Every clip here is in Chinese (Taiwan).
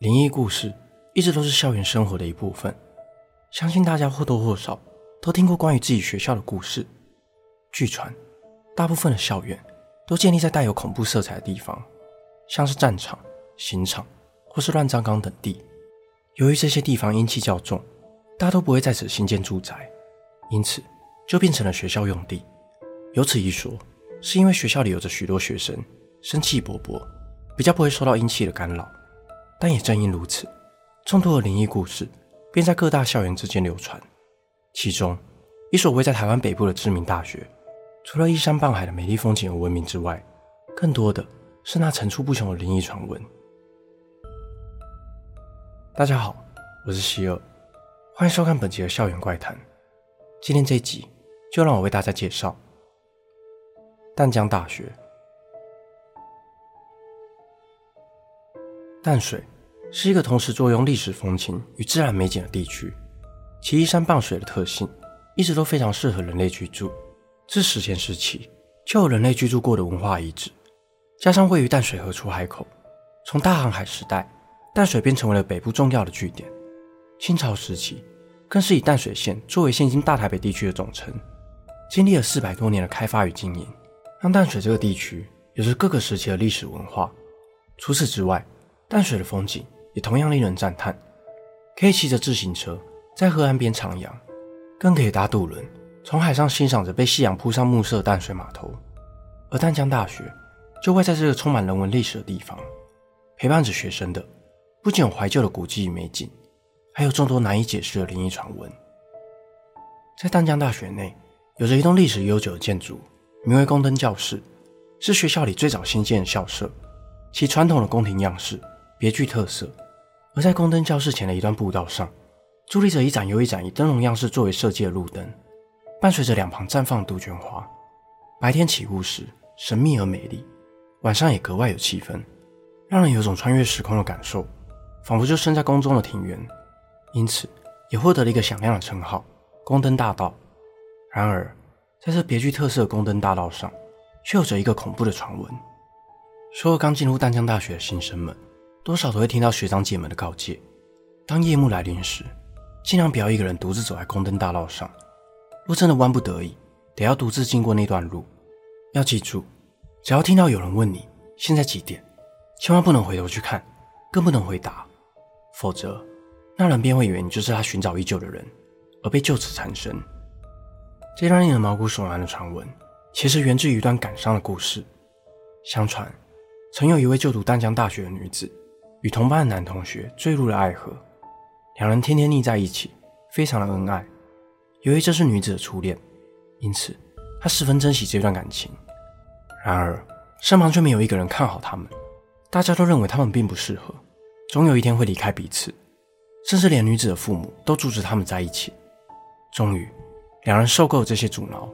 靈異故事一直都是校園生活的一部分，相信大家或多或少都聽過關於自己學校的故事。據傳，大部分的校園都建立在帶有恐怖色彩的地方，像是戰場、刑場或是亂葬崗等地。由於這些地方陰氣較重，大都不會在此興建住宅，因此就變成了學校用地。由此一說，是因為學校裡有着許多學生，生氣勃勃。比較不會受到陰氣的干擾，但也正因如此，眾多的靈異故事便在各大校園之間流傳。其中一所位在台灣北部的知名大學，除了依山傍海的美麗風景而聞名之外，更多的是那層出不窮的靈異傳聞。大家好，我是希爾，歡迎收看本集的《校園怪談》。今天這一集就讓我為大家介紹淡江大學。淡水是一個同時坐擁歷史風情與自然美景的地區，其依山傍水的特性一直都非常適合人類居住。自史前時期就有人類居住過的文化遺址，加上位於淡水河出海口，從大航海時代，淡水便成為了北部重要的據點。清朝時期更是以淡水縣作為現今大台北地區的總稱，經歷了四百多年的開發與經營，讓淡水這個地區有着各個時期的歷史文化。除此之外，淡水的風景也同樣令人讚嘆，可以騎着自行車在河岸邊徜徉，更可以搭渡輪從海上欣賞着被夕陽鋪上暮色的淡水碼頭。而淡江大學就位在這個充滿人文歷史的地方，陪伴着學生的不僅有懷舊的古蹟與美景，還有眾多難以解釋的靈異傳聞。在淡江大學內，有着一棟歷史悠久的建築，名為宮燈教室，是學校裡最早興建的校舍，其傳統的宮廷樣式，別具特色，而在宮燈教室前的一段步道上，佇立着一盞又一盞以燈籠樣式作為設計的路燈，伴隨着兩旁綻放的杜鵑花，白天起霧時神秘而美麗，晚上也格外有氣氛，讓人有種穿越時空的感受，仿佛就身在宮中的庭園，因此也獲得了一個響亮的稱號——宮燈大道。然而，在這別具特色的宮燈大道上，卻有着一個恐怖的傳聞，說剛進入淡江大學的新生們。多少都會聽到學長姐們的告誡：當夜幕來臨時，儘量不要一個人獨自走在宮燈大道上。若真的萬不得已，得要獨自經過那段路，要記住，只要聽到有人問你現在幾點，千萬不能回頭去看，更不能回答，否則，那人便會以為你就是他尋找已久的人，而被就此纏身。這段令人毛骨悚然的傳聞，其實源自於一段感傷的故事。相傳，曾有一位就讀淡江大學的女子。與同班的男同學墜入了愛河，兩人天天膩在一起，非常的恩愛。由於這是女子的初戀，因此她十分珍惜這段感情。然而，身旁卻沒有一個人看好他們，大家都認為他們並不適合，總有一天會離開彼此。甚至連女子的父母都阻止他們在一起。終於，兩人受夠了這些阻撓，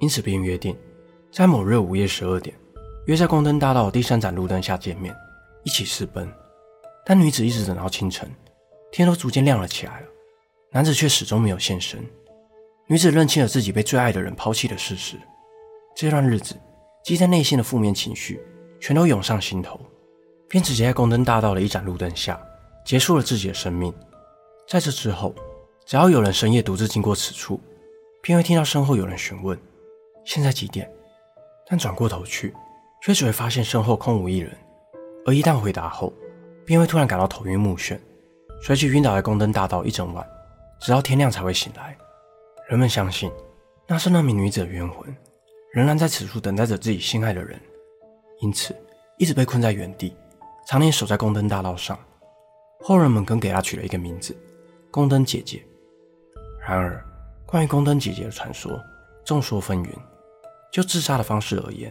因此便約定，在某日午夜十二點，約在宮燈大道的第三盞路燈下見面，一起私奔。但女子一直等到清晨，天都逐漸亮了起來了，男子卻始終沒有現身。女子認清了自己被最愛的人拋棄的事實，這段日子積在內心的負面情緒全都湧上心頭，便直接在宮燈大道的一盞路燈下結束了自己的生命。在這之後，只要有人深夜獨自經過此處，便會聽到身後有人詢問：“現在幾點？”但轉過頭去，卻只會發現身後空無一人。而一旦回答後，便會突然感到頭暈目眩，隨即暈倒在宮燈大道一整晚，直到天亮才會醒來。人們相信那是那名女子的冤魂，仍然在此處等待着自己心愛的人，因此一直被困在原地，常年守在宮燈大道上。後人們更給她取了一個名字——宮燈姐姐。然而，關於宮燈姐姐的傳說眾說紛紜。就自殺的方式而言，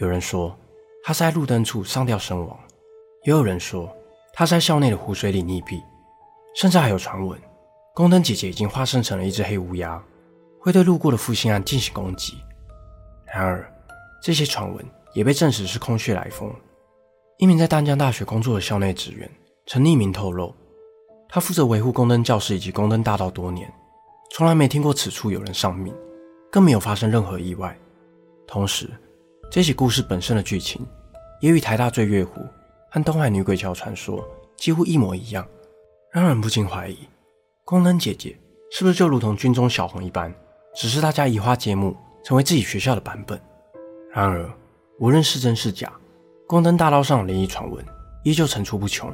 有人說她是在路燈處上吊身亡。也有人說，他在校內的湖水裡溺斃，甚至還有傳聞，宮燈姐姐已經化身成了一隻黑烏鴉，會對路過的負心漢進行攻擊。然而，這些傳聞也被證實是空穴來風。一名在淡江大學工作的校內職員曾匿名透露，他負責維護宮燈教室以及宮燈大道多年，從來沒聽過此處有人喪命，更沒有發生任何意外。同時，這起故事本身的劇情也與台大醉月湖。和東海女鬼橋傳說幾乎一模一樣，讓人不禁懷疑，宮燈姐姐是不是就如同軍中小紅一般，只是大家移花接木，成為自己學校的版本。然而，無論是真是假，宮燈大道上的靈異傳聞依舊層出不窮，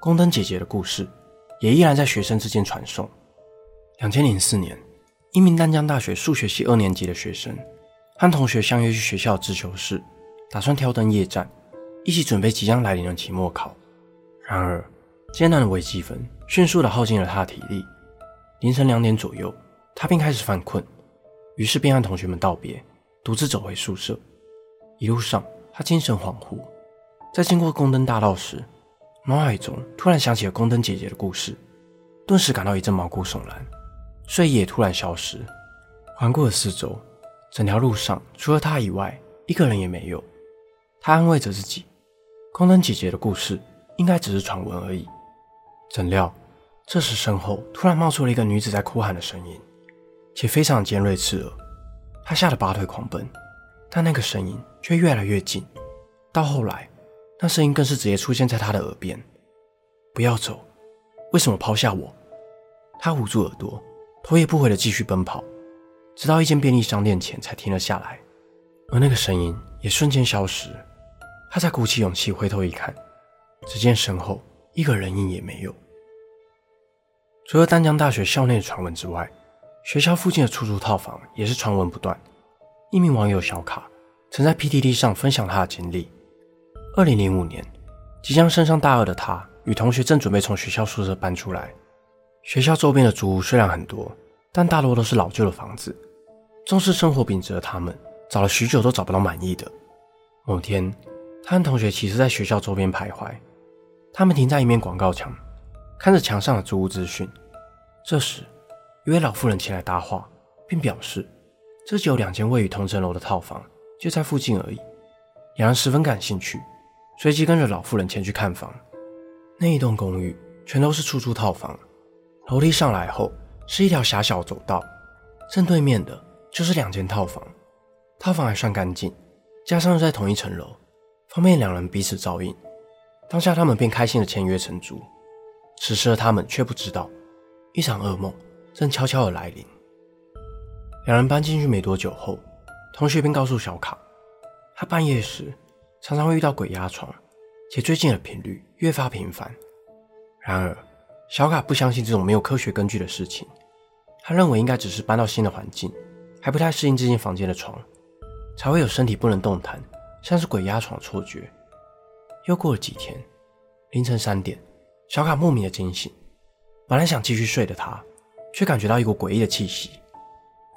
宮燈姐姐的故事也依然在學生之間傳頌。2004年，一名淡江大學數學系二年級的學生和同學相約去學校的自修室，打算挑燈夜戰。一起準備即將來臨的期末考，然而艱難的微積分迅速地耗盡了他的體力。凌晨兩點左右，他便開始犯困，於是便和同學們道別，獨自走回宿舍。一路上，他精神恍惚，在經過宮燈大道時，腦海中突然想起了宮燈姐姐的故事，頓時感到一陣毛骨悚然，睡意也突然消失。環顧了四周，整條路上除了他以外，一個人也沒有。他安慰着自己。宮燈姐姐的故事應該只是傳聞而已。怎料，這時身後突然冒出了一個女子在哭喊的聲音，且非常尖銳刺耳。她嚇得拔腿狂奔，但那個聲音卻越來越近，到後來，那聲音更是直接出現在她的耳邊。“不要走，為什麼拋下我？”她捂住耳朵，頭也不回地繼續奔跑，直到一間便利商店前才停了下來。而那個聲音也瞬間消失。他才鼓起勇氣回頭一看，只見身後一個人影也沒有。除了淡江大學校內的傳聞之外，學校附近的出租套房也是傳聞不斷。一名網友小卡曾在 PTT 上分享他的經歷：二零零五年，即將升上大二的他與同學正準備從學校宿舍搬出來。學校周邊的租屋雖然很多，但大多都是老舊的房子。重視生活品質的他們找了許久都找不到滿意的。某天，他和同學其實在學校周邊徘徊，他們停在一面廣告牆，看着牆上的租屋資訊。這時，一位老婦人前來搭話，並表示這只有兩間位於同層樓的套房，就在附近而已。兩人十分感興趣，隨即跟着老婦人前去看房。那一棟公寓全都是出租套房，樓梯上來後是一條狹小走道，正對面的就是兩間套房。套房還算乾淨，加上又在同一層樓。方便兩人彼此照應，當下他們便開心的簽約承租。此時的他們卻不知道，一場噩夢正悄悄的來臨。兩人搬進去沒多久後，同學便告訴小卡，他半夜時常常會遇到鬼壓床，且最近的頻率越發頻繁。然而，小卡不相信這種沒有科學根據的事情，他認為應該只是搬到新的環境，還不太適應這間房間的床，才會有身體不能動彈，像是鬼壓床的錯覺。又過了幾天，凌晨三點，小卡莫名的驚醒。本來想繼續睡的他，卻感覺到一股詭異的氣息。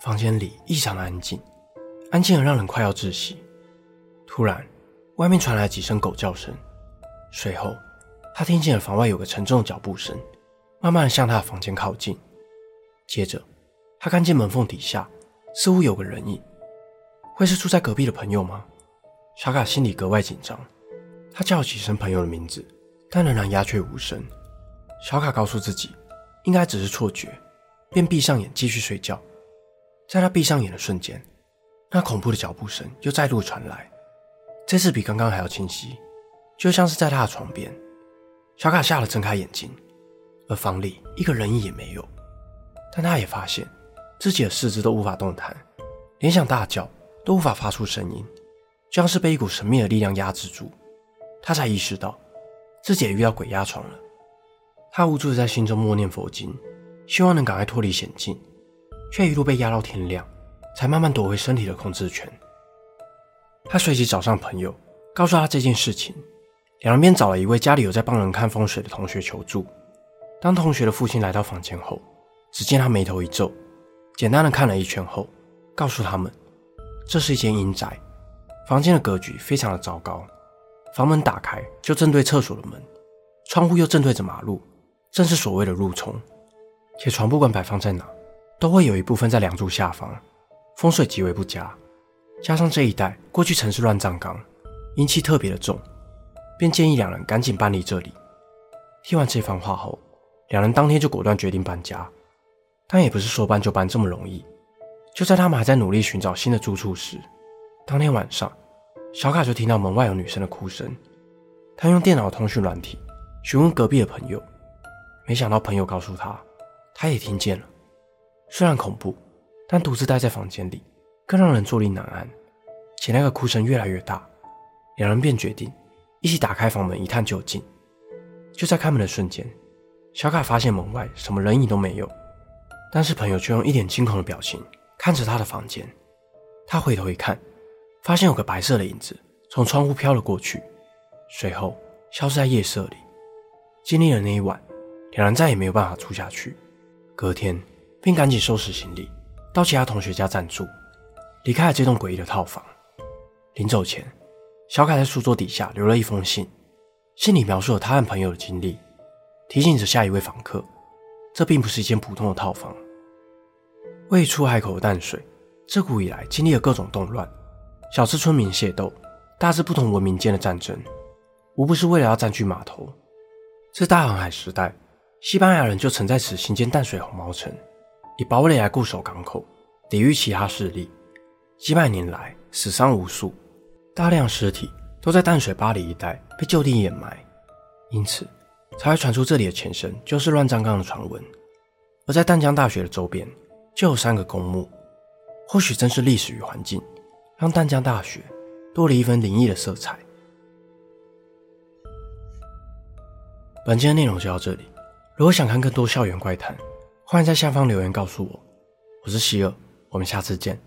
房間裡異常的安靜，安靜而讓人快要窒息。突然，外面傳來幾聲狗叫聲。隨後，他聽見了房外有個沉重的腳步聲，慢慢的向他的房間靠近。接着，他看見門縫底下似乎有個人影。會是住在隔壁的朋友嗎？小卡心裡格外緊張，他叫了幾聲朋友的名字，但仍然鴉雀無聲。小卡告訴自己，應該只是錯覺，便閉上眼繼續睡覺。在他閉上眼的瞬間，那恐怖的腳步聲又再度傳來，這次比剛剛還要清晰，就像是在他的床邊。小卡嚇得睜開眼睛，而房裡一個人影也沒有。但他也發現，自己的四肢都無法動彈，連想大叫都無法發出聲音。就像是被一股神秘的力量壓制住，他才意識到自己也遇到鬼壓床了。他無助的在心中默念佛經，希望能趕快脫離險境，卻一路被壓到天亮，才慢慢奪回身體的控制權。他隨即找上朋友，告訴他這件事情，兩人便找了一位家裡有在幫人看風水的同學求助。當同學的父親來到房間後，只見他眉頭一皺，簡單的看了一圈後，告訴他們，這是一間陰宅。房間的格局非常的糟糕，房門打開就正對廁所的門，窗戶又正對着馬路，正是所謂的入沖，且床不管擺放在哪，都會有一部分在梁柱下方，風水極為不佳。加上這一帶過去曾是亂葬崗，陰氣特別的重，便建議兩人趕緊搬離這裡。聽完這番話後，兩人當天就果斷決定搬家，但也不是說搬就搬這麼容易。就在他們還在努力尋找新的住處時，當天晚上，小卡就聽到門外有女生的哭聲。他用電腦通訊軟體詢問隔壁的朋友，沒想到朋友告訴他，他也聽見了。雖然恐怖，但獨自待在房間裡更讓人坐立難安。且那個哭聲越來越大，兩人便決定一起打開房門一探究竟。就在開門的瞬間，小卡發現門外什麼人影都沒有，但是朋友卻用一臉驚恐的表情看着他的房間。他回頭一看。發現有個白色的影子從窗戶飄了過去，隨後消失在夜色裡。經歷了那一晚，兩人再也沒有辦法住下去。隔天便趕緊收拾行李，到其他同學家暫住，離開了這棟詭異的套房。臨走前，小凱在書桌底下留了一封信，信裡描述了他和朋友的經歷，提醒着下一位房客：這並不是一間普通的套房。未出海口的淡水，自古以來經歷了各種動亂。小至村民械鬥，大至不同文明間的戰爭，無不是為了要佔據碼頭。在大航海時代，西班牙人就曾在此興建淡水紅毛城，以堡壘來固守港口，抵禦其他勢力。幾百年來，死傷無數，大量屍體都在淡水八里一帶被就地掩埋，因此才會傳出這裡的前身就是亂葬崗的傳聞。而在淡江大學的周邊就有三個公墓，或許正是歷史與環境，讓淡江大學多了一分靈異的色彩。本期的內容就到這裡，如果想看更多校園怪談，歡迎在下方留言告訴我。我是希爾，我們下次見。